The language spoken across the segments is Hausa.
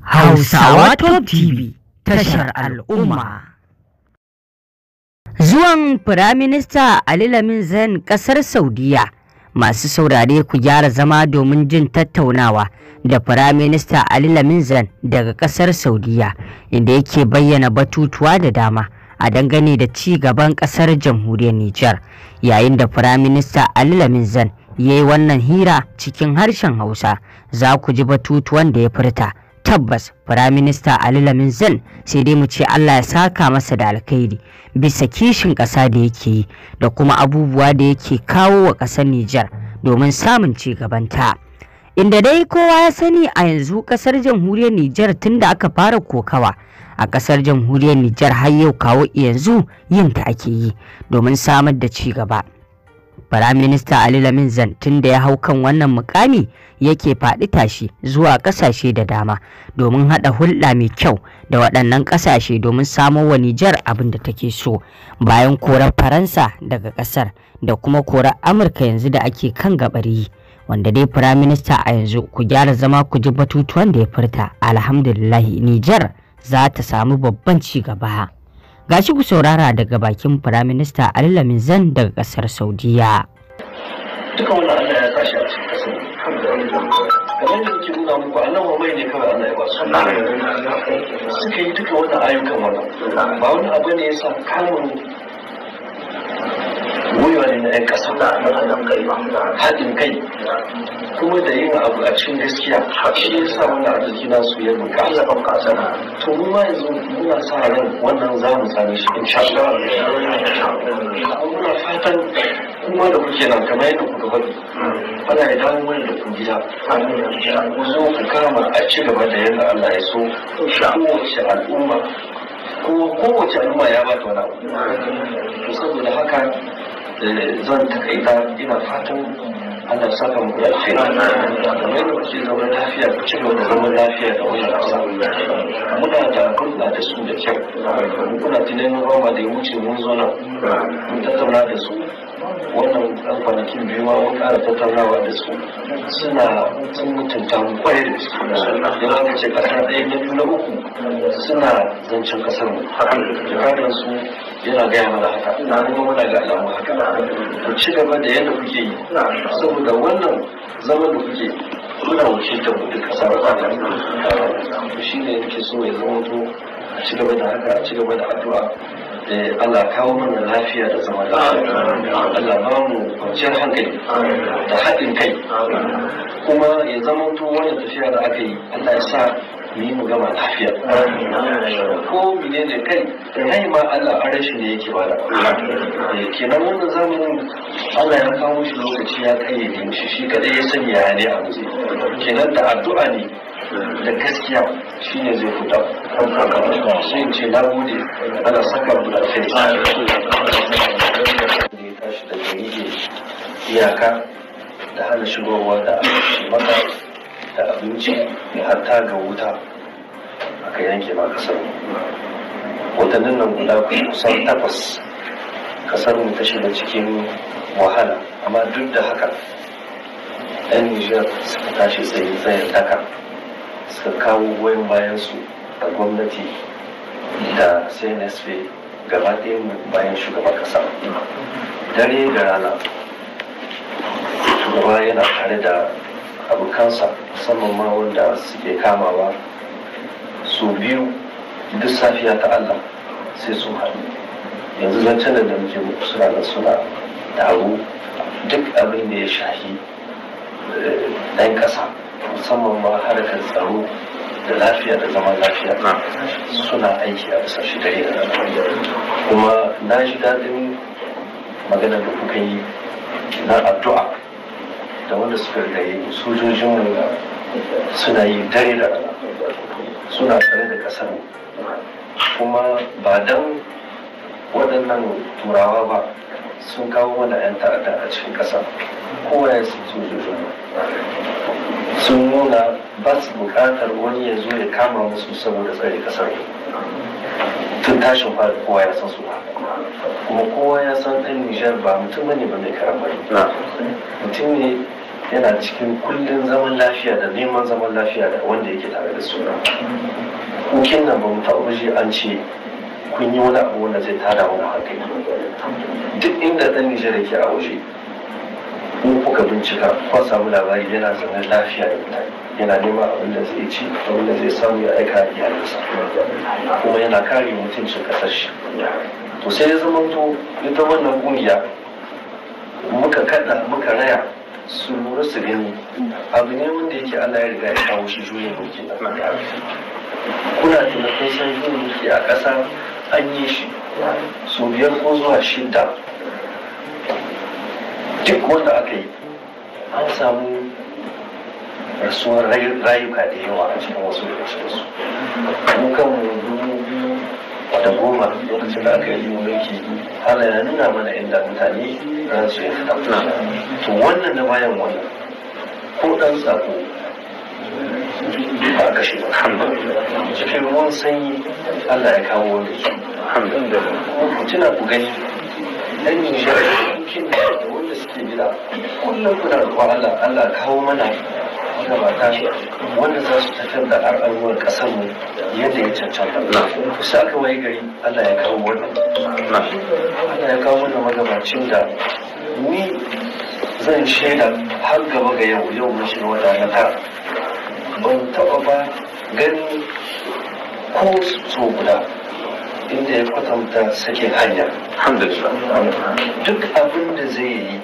Hausawa Top TV tashar al'umma. Zuwan Firaminista Ali Lamin Zain ƙasar Saudiya masu saurare ku gyara zama domin jin tattaunawa da Firaminista Ali Lamin Zain daga ƙasar Saudiya inda yake bayyana batutuwa da dama. a dangane da ci gaban ƙasar jamhuriyar Nijar yayin da Firaminista Ali Lamin Zain ya yi wannan hira cikin harshen Hausa za ku ji batutuwan da ya furta. tabbas firaminista ali lamin zan sai dai mu ce allah ya saka masa da alkhairi bisa kishin ƙasa da yake yi da kuma abubuwa da yake kawo wa ƙasar nijar domin samun ci gabanta inda dai kowa ya sani a yanzu ƙasar jamhuriyar nijar tun da aka fara kokawa a ƙasar jamhuriyar nijar har yau kawo yanzu yin ta ake yi domin samar da ci gaba Firaminista Ali Lamin Zan da ya hau kan wannan mukami yake faɗi tashi zuwa ƙasashe da dama domin haɗa hulɗa mai kyau da waɗannan ƙasashe domin samo wa Nijar abin da take so bayan korar Faransa daga ƙasar da kuma korar Amurka yanzu da ake kan gabari wanda dai firaminista a yanzu ku gyara zama ku ji batutuwan da ya furta alhamdulillahi Nijar za ta samu babban ci gaba. Gashi ku saurara daga bakin Firaminista Ali Lamin daga ƙasar Saudiya. Duka wanda Allah ya tashi a cikin ƙasar kamar da muke nuna muku annabawa mai ne kawai Allah ya ba su. Suka yi duka wannan ayyukan wannan ba wani abu ne ya sa kamun wuyo ne na 'yan ƙasa haɗin kai kuma da yin abu a cikin gaskiya shi ya sa wani arziki na su yadda muka Allah ban kasa to mu ma yanzu muna sa ran wannan za mu sami shi insha Allah muna fatan kuma da kuke nan kamar yadda kuka faɗi fara ya dawo mana da ku gida ku zo ku kama a ci gaba da yadda Allah ya so kowace al'umma ko kowace al'umma ya ba ta wani abu saboda haka eh, zan takaita ina fatan Ana saka mu da kamar da kuke zama lafiya ku ci gaba da zama lafiya da wajen ƙasa muna da kuma da su da kyau kuna tunanin roma da ya wuce mun zo nan mun tattauna da su wannan ɗan kwanakin biyu ma mun ƙara tattaunawa da su suna sun mutunta mu kwarai da su ce ƙasa ɗaya na uku suna zancen ƙasar mu jakadan su yana gaya mana haka ina kuma muna ga alamu haka ku ci gaba da yadda kuke yi saboda wannan zaman da kuke kuna wuce ta mu ta sarakon shi ne yake so ya zama to a ci gaba da haka a ci gaba da addu'a eh, Allah kawo mana lafiya da zama lafiya Allah ba mu kwanciyar hankali da haɗin kai kuma ya zama to wannan tafiya da aka yi Allah ya sa yi mu gama lafiya ko mine ne kai kai ma Allah arashi ne yake bada eh, kenan wannan zamanin Allah ya kawo shi lokaci ya kayyade shi shi kadai ya sanya ne a musu kenan da addu'a ne da gaskiya shi ne zai fita sai ce na gode ana saka mu da kai tashi daga gari iyaka da hana shigowa da shi maka da abinci da hatta ga wuta aka yanke ma kasar watannin nan guda kusan takwas kasar mu ta shiga cikin wahala amma duk da haka yan nijar suka tashi tsaye tsayin daka suka kawo goyon bayansu da gwamnati da cnsp gaba ɗaya bayan shugaban ƙasa. dare da rana shugaba yana tare da abokansa musamman ma wanda suke kamawa su biyu duk safiya ta Allah sai sun haɗu yanzu zancen da muke muku suna da suna taro duk abin da ya shahi ɗan eh, ƙasa musamman ma harkar tsaro da lafiya da zaman lafiya suna aiki a bisa shi da kuma na shi daɗin magana da kuka yi na addu'a da wanda suka gaye sojojin mu suna yi dare da rana suna tare da kasar kuma ba dan waɗannan turawa ba sun kawo mana 'yan ta'adda a cikin ƙasa kowa ya su sojojin sun nuna ba su buƙatar wani ya zo ya kama musu saboda tsari ƙasar tun tashin fara kowa ya san su ba kuma kowa ya san ɗan nijar ba mutum ne ba mai karamari mutum ne yana cikin kullum zaman lafiya da neman zaman lafiya da wanda yake tare da suna kukin nan ba mu taɓa an ce kun yi wani abu wanda zai tada mu hankali duk inda ɗan nijar yake a waje in kuka bincika ko samu labari yana zaune lafiya da mutane yana neman abinda zai ci abin zai samu ya aika iyalinsa kuma yana kare mutuncin ƙasar shi to sai ya zama to ita wannan ƙungiya muka kada muka raya su rasu gani abu ne wanda yake Allah ya riga ya kawo shi juyin mulki kuna tunanin san juyin mulki a ƙasa an yi shi su biyar ko zuwa shida duk wanda aka yi an samu rasuwar rayuka da yawa a cikin wasu da wasu mu kan dubu da goma lokacin da aka yi mulki hala ya nuna mana inda mutane za su yi na to wannan da bayan wannan ko ɗan sako ba a kashe ba cikin ruwan sanyi Allah ya kawo wani su tuna ku gani dan nijar yankin da wanda suke gida kullum kuna da Allah Allah kawo mana wanda za su tafiyar da al'amuran ƙasar mu yadda ya cancanta ku aka waye gari Allah ya kawo wannan Allah ya kawo wani magabacin da ni zan shaida har gaba ga yau yau mun shiga wata na tara ban taɓa ba gani ko so guda inda ya kwatanta sake hanya duk abin da zai yi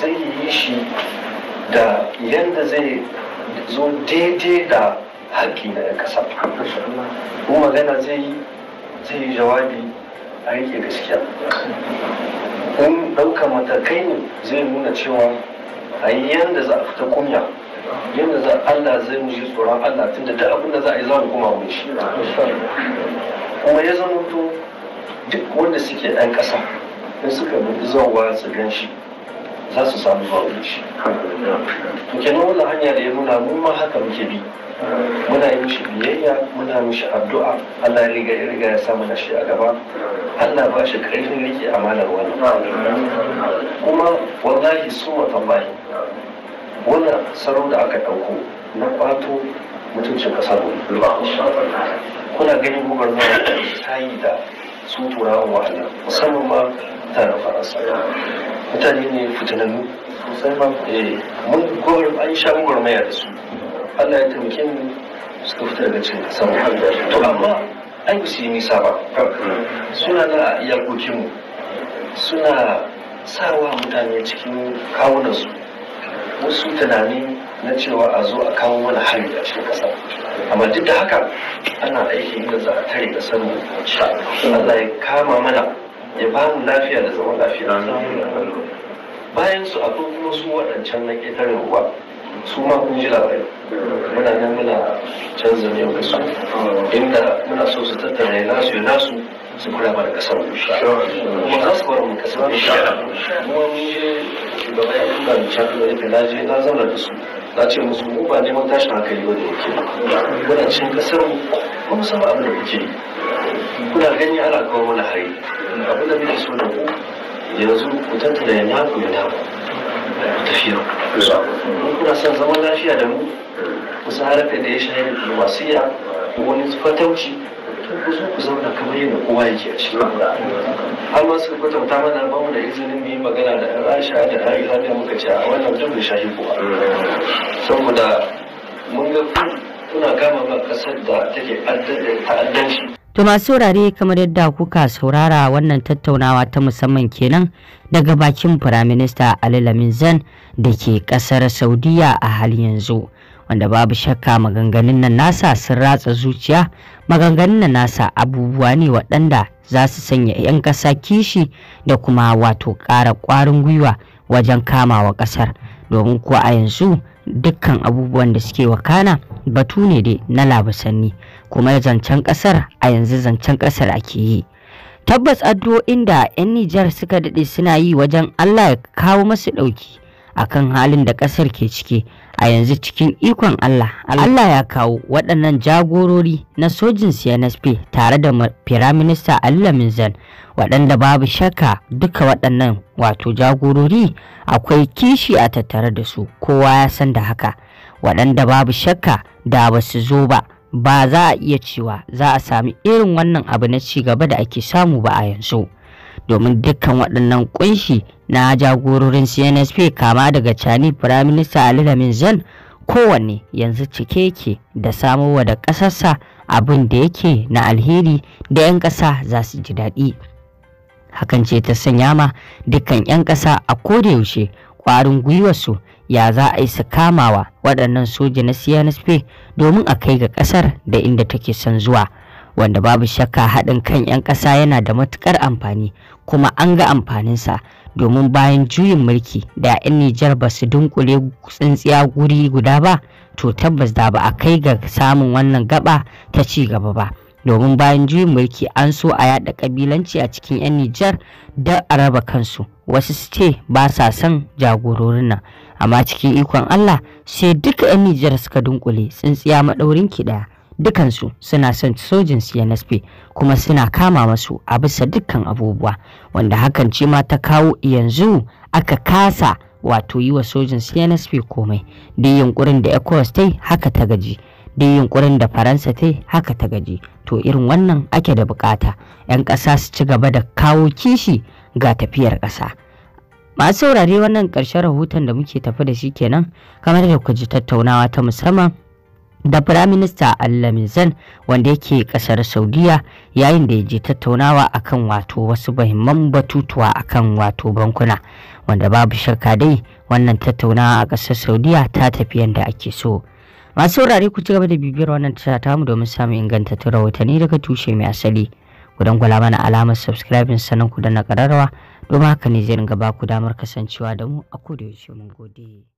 zai yi shi da yadda zai zo daidai da haƙƙi na 'yan ƙasa kuma magana zai yi zai yi jawabi a yake gaskiya in ɗauka matakai ne zai nuna cewa a yi yadda za a fita kunya yadda za Allah zai mu ji tsoron Allah tunda da abin da za a yi za mu kuma mu shi kuma ya zama to duk wanda suke ɗan ƙasa in suka bi zuwa su gan shi za su samu zuwa shi to wannan hanya da ya nuna mu ma haka muke bi muna yi mishi biyayya muna mishi addu'a Allah ya riga ya riga ya sa mana shi a gaba Allah ba shi karfin a malar wani kuma wallahi suma tambayi wannan sarau da aka ɗauko na ƙwato mutuncin ƙasar kuna ganin gwagwarmaya ta yi da su turawa wahala musamman ma tare faransa mutane ne fitinannu musamman eh, mun gwamnati an sha gwamnati da su allah ya taimake mu suka fita daga cikin samu to amma ai su yi nisa ba suna na iyakokinmu suna sawa mutane cikin kawunansu wasu tunani na cewa a zo a kawo mana hari a cikin ƙasa amma duk da haka ana aiki inda za a tare da sanin Allah ya kama mana ya ba mu lafiya da zama lafiya bayan su a kuma su waɗancan na ƙetare ruwa su ma kun ji labarai muna nan muna canza ne wasu inda muna so su tattara ya nasu ya nasu su kula ba da kasar mu kuma za su bar mu kasar mu kuma mun je shugaba ya kuma da can da yake na je na zauna da su na ce musu mu ba neman tashin hankali wanda yake muna cin kasar mu kuma sama abin da muke kuna gani ana kawo mana hari wannan yanzu ku tattala ya naku ya naku ku Mun kuna son zaman lafiya da mu ku sarrafa da ya shahara da ya. wani fatauci ku zo ku zauna kamar yadda kowa yake a cikin har ma suka kwatanta mana ba mu da izinin mu yi magana da rasha da hari har da muka ce a wannan duk da shahi kuwa. saboda mun ga kuna gama ma kasar da take ta'addanci To masu wurare, kamar yadda kuka saurara wannan tattaunawa ta musamman kenan daga bakin Firaminista Ali Laminzan da ke kasar Saudiya a halin yanzu. Wanda babu shakka maganganun nan nasa sun ratsa zuciya, maganganun nan nasa abubuwa ne waɗanda za su sanya 'yan ƙasa kishi da kuma wato ƙara ƙwarin gwiwa wajen kamawa ƙasar. Domin kuwa a yanzu dukkan abubuwan da suke wakana batu ne dai na labasanni kuma zancen kasar a yanzu zancen kasar ake yi tabbas addu'o'in da 'yan nijar suka daɗe suna yi wajen allah ya kawo masu ɗauki akan halin da ƙasar ke ciki a yanzu cikin ikon Allah Allah ya kawo waɗannan jagorori na sojin CNSP tare da firaminista Ali Laminzan waɗanda babu shakka duka waɗannan wato jagorori akwai kishi a tattare da su kowa ya san da haka waɗanda babu shakka da ba su zo ba ba za a iya cewa za a sami irin wannan abu na ci gaba da ake samu ba a yanzu domin dukkan waɗannan ƙunshi na jagororin cnsp kama daga cani firaminista ali lamin zan kowanne yanzu cike yake da samowa da ƙasarsa abin da yake na alheri da 'yan ƙasa za su ji daɗi hakan ce ta sanya ma dukkan 'yan ƙasa a kodayaushe ƙwarin gwiwarsu ya za a yi su kamawa waɗannan soja na cnsp domin a kai ga ƙasar da inda take son zuwa wanda babu shakka haɗin kan 'yan ƙasa yana da matuƙar amfani kuma an ga amfaninsa domin bayan juyin mulki da 'yan Nijar ba su dunkule tsintsiya guri guda ba to tabbas da ba a kai ga samun wannan gaba ta ci gaba ba domin bayan juyin mulki an so a yada kabilanci a cikin 'yan Nijar da a raba kansu wasu su ce ba sa son jagororin nan amma cikin ikon Allah sai duka 'yan Nijar suka dunkule tsintsiya maɗaurin ɗaya. dukansu suna son sojin CNSP kuma suna kama masu a bisa dukkan abubuwa wanda hakan ce ma ta kawo yanzu aka kasa wato yi wa sojin CNSP komai da yunkurin da ECOWAS ta haka ta gaji da yunkurin da Faransa ta haka ta gaji to irin wannan ake da bukata 'yan ƙasa su ci gaba da kawo kishi ga tafiyar ƙasa. masu saurare wannan ƙarshen rahoton da muke tafi da shi kenan kamar da ku ji tattaunawa ta musamman da firaminista Al-Lamizan wanda yake kasar Saudiya yayin da ya je tattaunawa akan wato wasu bahimman batutuwa akan wato bankuna wanda babu shakka dai wannan tattaunawa a kasar Saudiya ta tafi yadda ake so. Masu saurare ku ci gaba da bibiyar wannan tasha ta mu domin samun ingantattun rahotanni daga tushe mai asali. Ku dangwala mana alamar subscribing sannan ku na kararrawa domin haka ne zai ringa ba ku damar kasancewa da mu a kodayaushe mun gode.